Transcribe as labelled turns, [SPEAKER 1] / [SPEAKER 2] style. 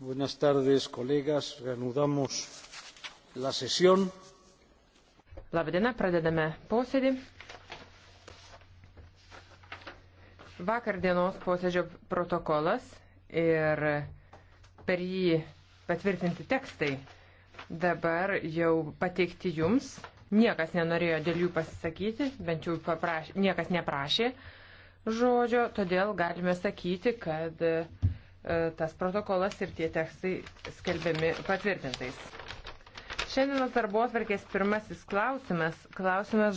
[SPEAKER 1] Buenas tardes, kolegas. Reanudamos la sesión.
[SPEAKER 2] Labdiena, pradedame
[SPEAKER 3] posėdį. Vakar dienos posėdžio protokolas ir per jį patvirtinti tekstai dabar jau pateikti jums. Niekas nenorėjo dėl jų pasisakyti, bent jau paprašė, niekas neprašė žodžio, todėl galime sakyti, kad E, tas protokolas ir tie tekstai skelbiami patvirtintais. Šiandienos darbo atverkės pirmasis klausimas. klausimas